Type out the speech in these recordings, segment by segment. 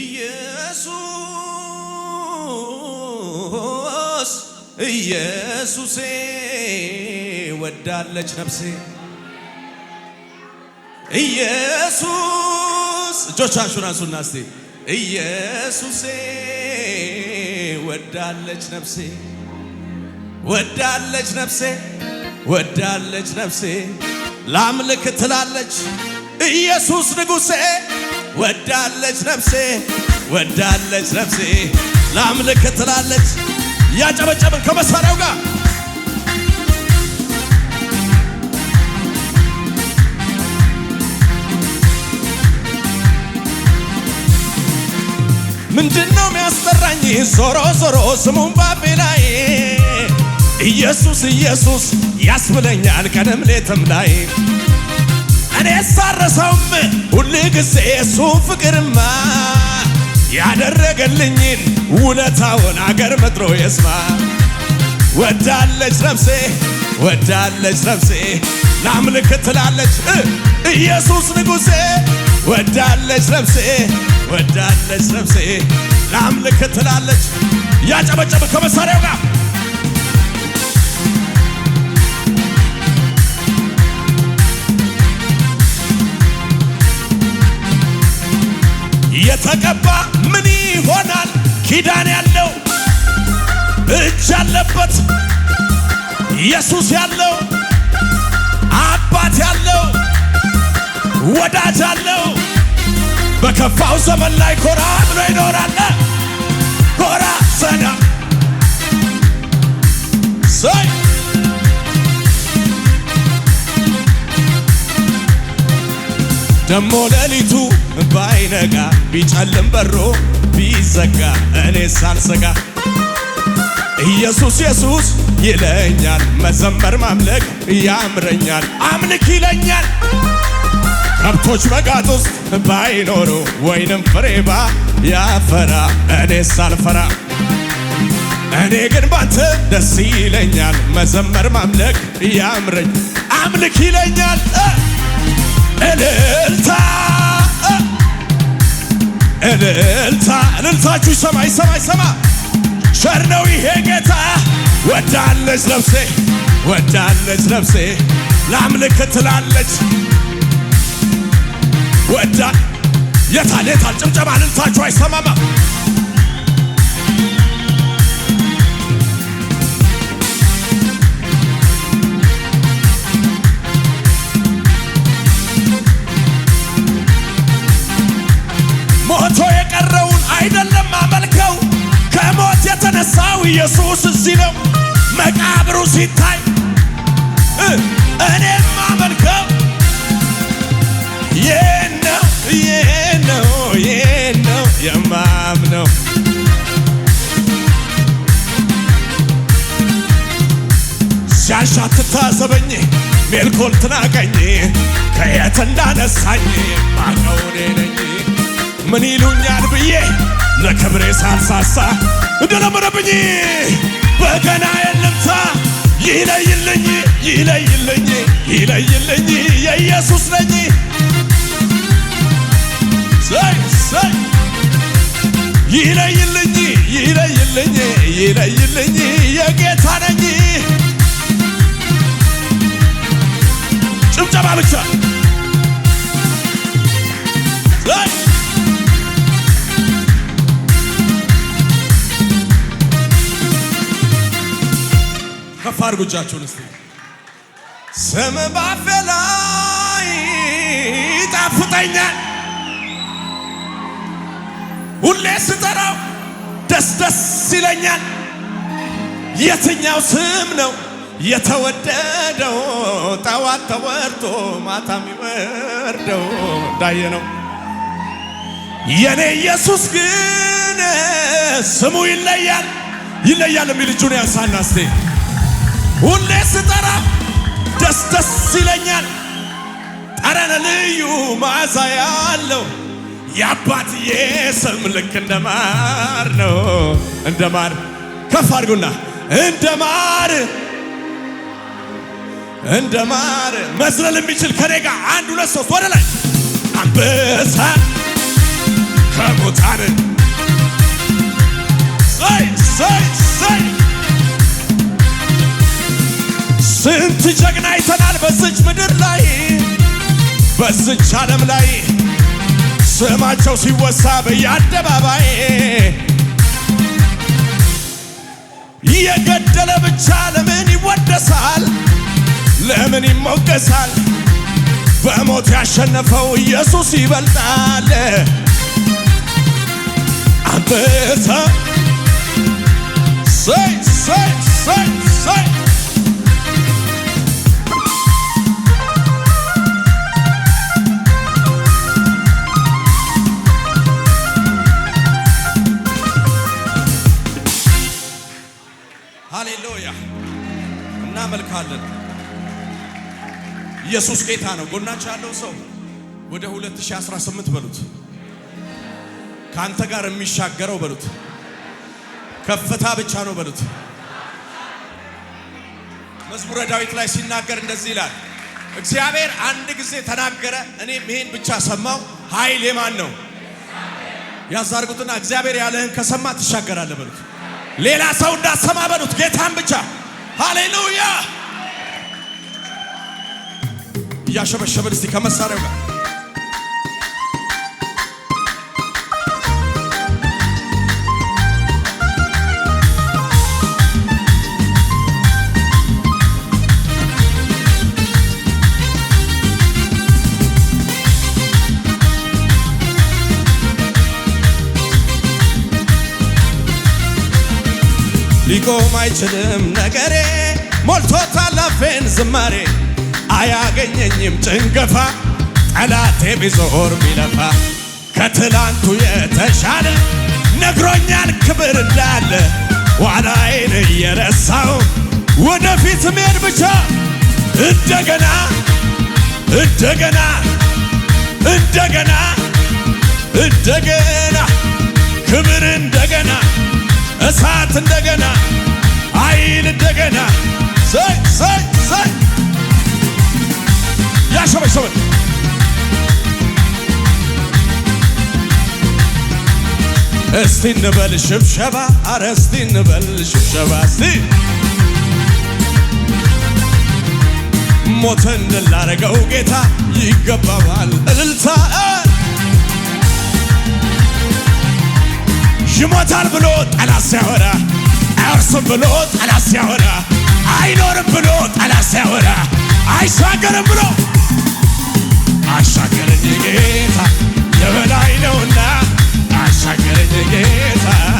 ኢየሱስ ኢየሱሴ ወዳለች ነፍሴ ኢየሱስ እጆቻችሁን አንሱና እስቲ ኢየሱሴ ወዳለች ነፍሴ ወዳለች ነፍሴ ወዳለች ነፍሴ ላምልክ ትላለች ኢየሱስ ንጉሴ ወዳለች ነፍሴ ወዳለች ነፍሴ ለአምልክ ትላለች። እያጨበጨብን ከመሳሪያው ጋር ምንድነው የሚያስጠራኝ? ዞሮ ዞሮ ስሙን ባፌ ላይ ኢየሱስ ኢየሱስ ያስብለኛል ቀንም ሌትም ላይ እኔ ሳረሰውም ሁል ጊዜ እሱን ፍቅርማ ያደረገልኝን ውለታውን አገር መጥሮ የስማ ወዳለች ነፍሴ ወዳለች ነፍሴ ላምልክ ትላለች ኢየሱስ ንጉሴ ወዳለች ነፍሴ ወዳለች ነፍሴ ላምልክ ትላለች ያጨበጨበ ከመሳሪያው ጋር የተቀባ ምን ይሆናል? ኪዳን ያለው እጅ ያለበት ኢየሱስ ያለው አባት ያለው ወዳጅ አለው። በከፋው ዘመን ላይ ኮራ ብሎ ይኖራል። ኮራ ሰይ ደሞ ሌሊቱ ባይነጋ ቢጨልም በሮ ቢዘጋ እኔ ሳልሰጋ ኢየሱስ ኢየሱስ ይለኛል መዘመር ማምለክ ያምረኛል አምልክ ይለኛል ከብቶች በጋጥ ውስጥ ባይኖሩ ወይንም ፍሬባ ያፈራ እኔ ሳልፈራ እኔ ግን ባንተ ደስ ይለኛል መዘመር ማምለክ ያምረኝ አምልክ ይለኛል እልልታ እልልታ እልልታችሁ ይሰማ ይሰማ ይሰማ። ቸር ነው ይሄ ጌታ። ወዳለች ነፍሴ ወዳለች ነፍሴ ላምልክ ትላለች። ወዳ የታል የታል እልልታችሁ አይሰማማ ኢየሱስ እዚህ ነው። መቃብሩ ሲታይ እኔ ማመልከው ይህ ነው ይህ ነው ይህ ነው የማምነው ሲያሻት ትታዘበኝ ሜልኮል ትናቀኝ ከየት እንዳነሳኝ ለክብሬ ሳልሳሳ እንደነበረብኝ በገና የልምታ ይለይልኝ ይለይልኝ ይለይልኝ የኢየሱስ ነኝ ይለይልኝ ይለይልኝ ይለይልኝ የጌታ ነኝ ጭብጨባ ብቻ አድርጉ እጃችሁን እስቲ። ስም ባፌ ላይ ይጣፍጠኛል፣ ሁሌ ስጠራው ደስ ደስ ይለኛል። የትኛው ስም ነው የተወደደው? ጠዋት ተወርቶ ማታ የሚወርደው እንዳየ ነው። የኔ ኢየሱስ ግን ስሙ ይለያል ይለያል የሚል እጁን ያንሳና ሁሌ ስጠራ ደስ ደስ ይለኛል። ጠረነ ልዩ መዓዛ ያለው የአባትዬ ስም ልክ እንደ ማር ነው። እንደ ማር ከፍ አድርጉና እንደ ማር እንደ ማር መዝለል የሚችል ከኔ ጋር አንድ ሁለት ሶስት ወደ ላይ አንበሳ ከሙታን ስንት ጀግና አይተናል በዝች ምድር ላይ በዝች ዓለም ላይ ስማቸው ሲወሳ በየአደባባይ የገደለ ብቻ ለምን ይወደሳል? ለምን ይሞገሳል? በሞት ያሸነፈው ኢየሱስ ይበልጣል። አንበሳ እናመልካለን። ኢየሱስ ጌታ ነው። ጎናች ያለው ሰው ወደ 2018 በሉት። ከአንተ ጋር የሚሻገረው በሉት። ከፍታ ብቻ ነው በሉት። መዝሙረ ዳዊት ላይ ሲናገር እንደዚህ ይላል፣ እግዚአብሔር አንድ ጊዜ ተናገረ፣ እኔም ይሄን ብቻ ሰማው። ኃይል የማን ነው? ያዛርጉትና እግዚአብሔር ያለህን ከሰማ ትሻገራለህ በሉት። ሌላ ሰው እንዳሰማ በሉት። ጌታን ብቻ ሃሌሉያ እያሸበሸበን እስቲ ከመሳሪያው ጋር መቆም አይችልም ነገሬ ሞልቶታ ላፌን ዝማሬ አያገኘኝም ጭንገፋ ጠላቴ ቢዞር ቢለፋ ከትላንቱ የተሻለ ነግሮኛል ክብር እንዳለ ዋላዬን እየረሳው ወደፊት መሄድ ብቻ እንደገና እንደገና እንደገና እንደገና ክብር እንደገና እሳት እንደገና አይን እንደገና ያሸበሸበን እስቲ እንበል ሽብሸባ አረ እስቲ እንበል ሽብሸባ እስቲ ሞተ እንድላረገው ጌታ ይገባዋል እልልታ ይሞታል ብሎ ጠላት ሲያወራ አያርስም ብሎ ጠላት ሲያወራ፣ አይኖርም ብሎ ጠላት ሲያወራ፣ አይሻገርም ብሎ አሻገረኝ ጌታ የበላይ ነውና አሻገረኝ ጌታ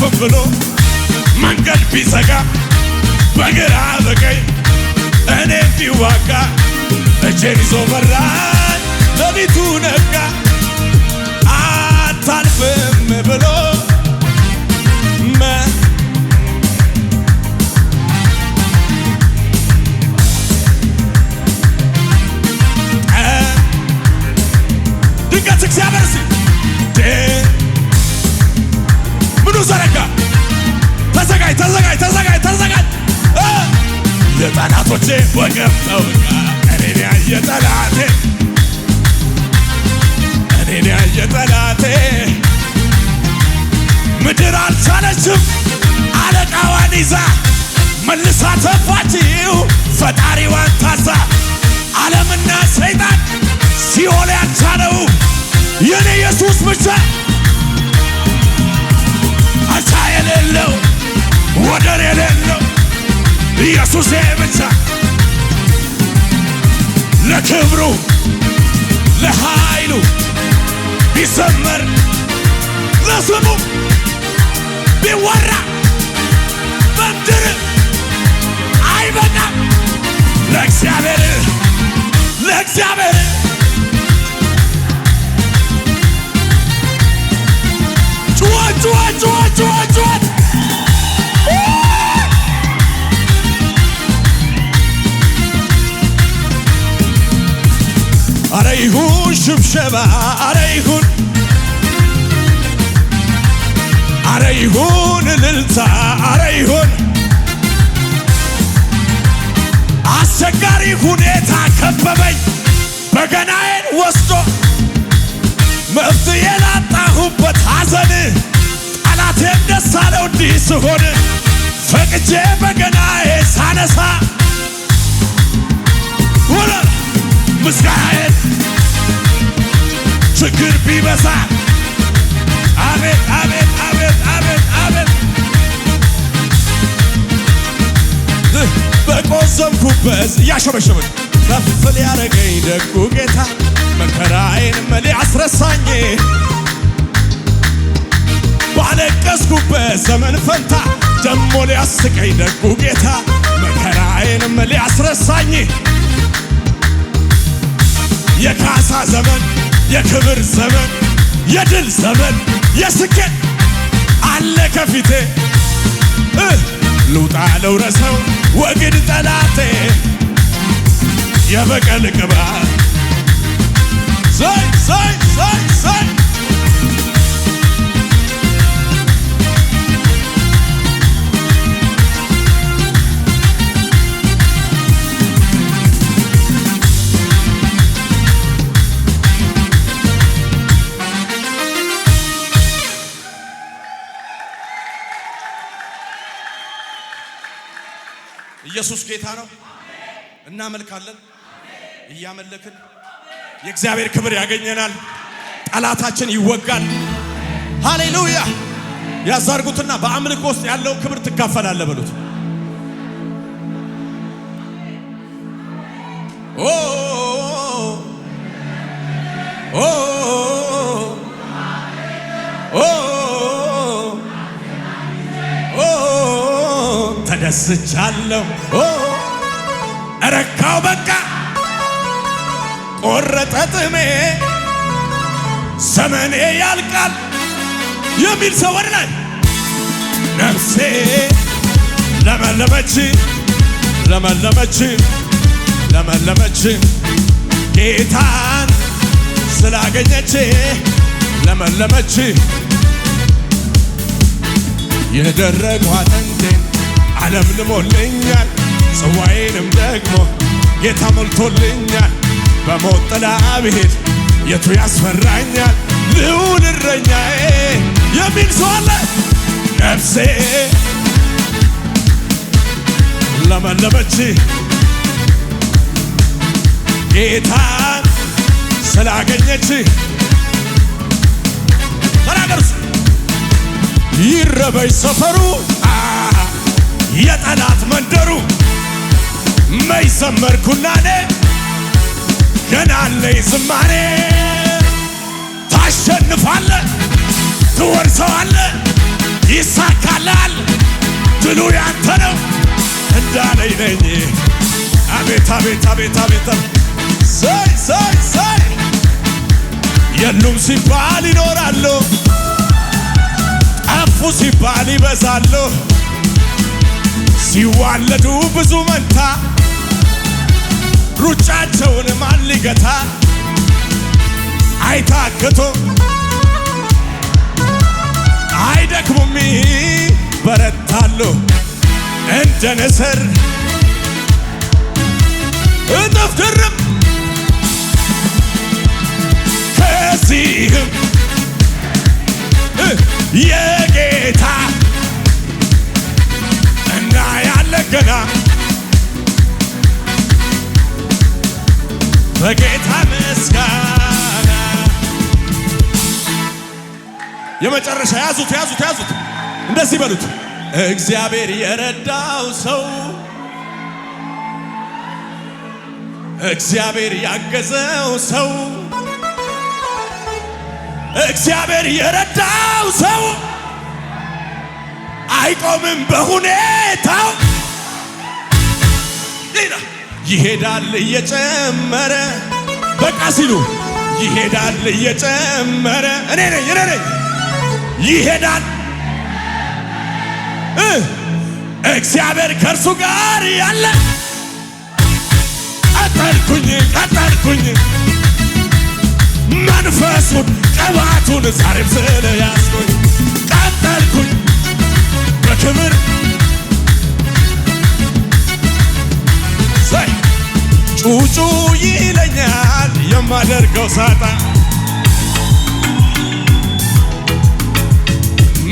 አለፍ ብሎ መንገድ ቢዘጋ በግራ በቀኝ እኔ ቢዋጋ እጄን ይዞ በራ ሌሊቱ ነጋ። ተዘጋጅ ተዘጋጅ ተዘጋጅ የጠላቶቼ እኔን ያየ ጠላቴ እኔን ያየ ጠላቴ ምድር አልቻለችም አለቃዋን ይዛ መልሳ ተፋችው ፈጣሪዋን ታዛ ዓለምና ሰይጣን ሲኦል ያልቻለው የኔ ኢየሱስ ብቻ አቻ የሌለው ወደር የሌለው ኢየሱስ ብቻ ለክብሩ ለኃይሉ ቢዘመር ለስሙ ቢወራ በምድር አይበቃም። ለእግዚአብሔር ለእግዚአብሔር ጩዋ ጩዋ ጩዋ ጩዋ ጩዋ ይሁን ሽብሸባ፣ አረ ይሁን፣ አረ ይሁን እልልታ፣ አረ ይሁን አስቸጋሪ ሁኔታ ከበበኝ፣ በገናዬን ወስዶ መፍትሄ ላጣሁበት ሐዘን ጠላቴም ደስ አለው እንዲህ ስሆን ፈቅጄ በገናዬ ሳነሳ ምስጋናዬን ችግር ቢበዛ አቤት አቤት አቤት አቤት አቤት በቆዘምኩበት እያሸበሸበኝ ከፍ ሊያረገኝ ደጉ ጌታ መከራዬን መሌ አስረሳኝ ባለቀስኩበት ዘመን ፈንታ ደሞ ሊያስቀኝ ደጉ ጌታ መከራዬን መሌ አስረሳኝ የካሳ ዘመን የክብር ዘመን፣ የድል ዘመን፣ የስኬት አለ ከፊቴ ልውጣ ልውረሰው ወግድ ጠላቴ የበቀል ቅባት ኢየሱስ ጌታ ነው። እናመልካለን፣ እያመለክን የእግዚአብሔር ክብር ያገኘናል፣ ጠላታችን ይወጋል። ሃሌሉያ! ያዛርጉትና በአምልኮ ውስጥ ያለው ክብር ትካፈላለህ በሉት። ኦ ተነስቻለሁ። እረካው በቃ ቆረጠ ጥሜ ዘመኔ ያልቃል የሚል ሰው ወደ ላይ ነፍሴ ለመለመች ለመለመች ለመለመች ጌታን ስላገኘች ለመለመች የደረቋ አጥንቴን ዓለም ልሞልኛል፣ ጽዋዬንም ደግሞ ጌታ ሞልቶልኛል። በሞት ጥላ ብሄድ የቱ ያስፈራኛል? ልዑል እረኛዬ የሚል ሰው አለ። ነፍሴ ለመለመች ጌታን ስላገኘች ተናገርስ ይረበይ ሰፈሩ የጠላት መንደሩ መይ ዘመርኩናኔ ገናለይ ዝማኔ ታሸንፋለ ትወርሰዋለ ይሳካላል ድሉ ያንተ ነው እንዳለይ ነኝ አቤት አቤት አቤት አቤት ሰይ ሰይ ሰይ የሉም ሲባል ይኖራሉ ጠፉ ሲባል ይበዛሉ ሲዋለዱ ብዙ መንታ ሩጫቸውን ማን ሊገታ አይታክቶ አይደክሙም በረታሉ እንደ ንስር እጥፍ ድርብ ከዚህም የጌታ ምስጋና በጌታ ምስጋና የመጨረሻ ያዙት ያዙት ያዙት እንደዚህ በሉት እግዚአብሔር የረዳው ሰው እግዚአብሔር ያገዘው ሰው እግዚአብሔር የረዳው ሰው አይቆምም በሁኔታው ሌላ ይሄዳል እየጨመረ በቃ ሲሉ ይሄዳል እየጨመረ እኔ ነኝ እኔ ነኝ ይሄዳል እግዚአብሔር ከእርሱ ጋር ያለ ቀጠልኩኝ ቀጠልኩኝ መንፈሱን ቅባቱን ዛሬም ስለያዝኩኝ ቀጠልኩኝ በክብር ጩጩ ይለኛል የማደርገው ሳጣ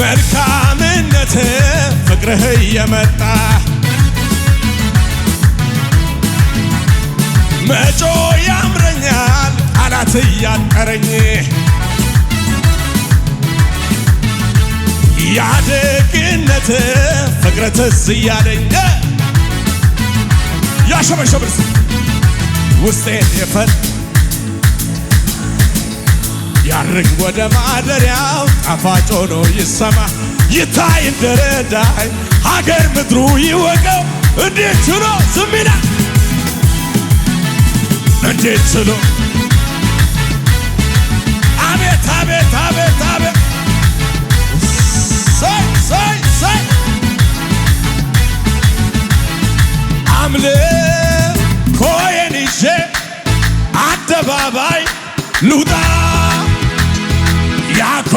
መልካምነት ፍቅርህ እየመጣ መጮ ያምረኛል አላት እያጠረኝ ያደግነት ፍቅርህ ትዝ እያለኝ ያሸበሸብርስ ውስጤን የፈት ያርግ ወደ ማደሪያው ጣፋጭ ሆኖ ይሰማ ይታይ እንደረዳኝ ሀገር ምድሩ ይወቀው እንዴት ችሎ ዝም እንዴት ችሎ አቤት አቤት አቤት አቤት ሰይ ሰይ ሰይ አምልክ አደባባይ ልውጣ ያኮ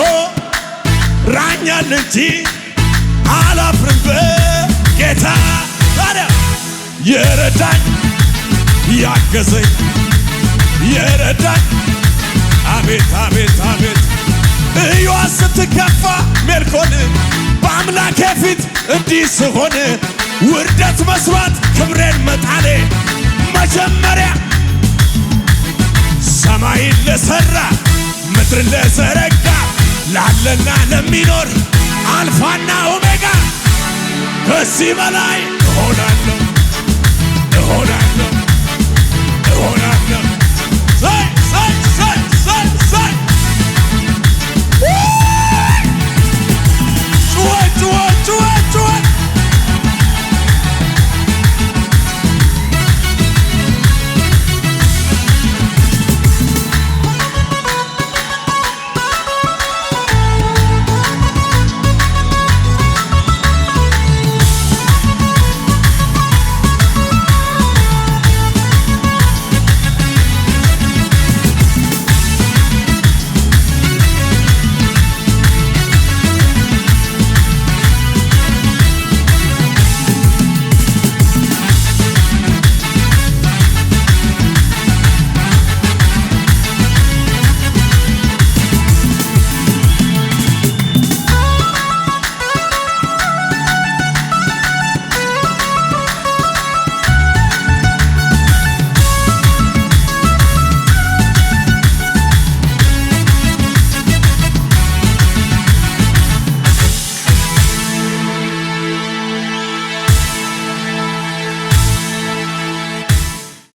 ራኛል እንጂ አላፍርም በጌታ ታዲያ የረዳኝ ያገዘኝ የረዳኝ አቤት አቤት አቤት ኢዮአስ ስትከፋ ሜልኮን በአምላኬ ፊት እንዲህ ስሆን ውርደት መስራት ክብሬን መጣሌ መጀመሪያ ሰማይን ለሰራ ምድርን ለዘረጋ ላለና ለሚኖር አልፋና ኦሜጋ ከዚህ በላይ እሆናለሁ እሆናለሁ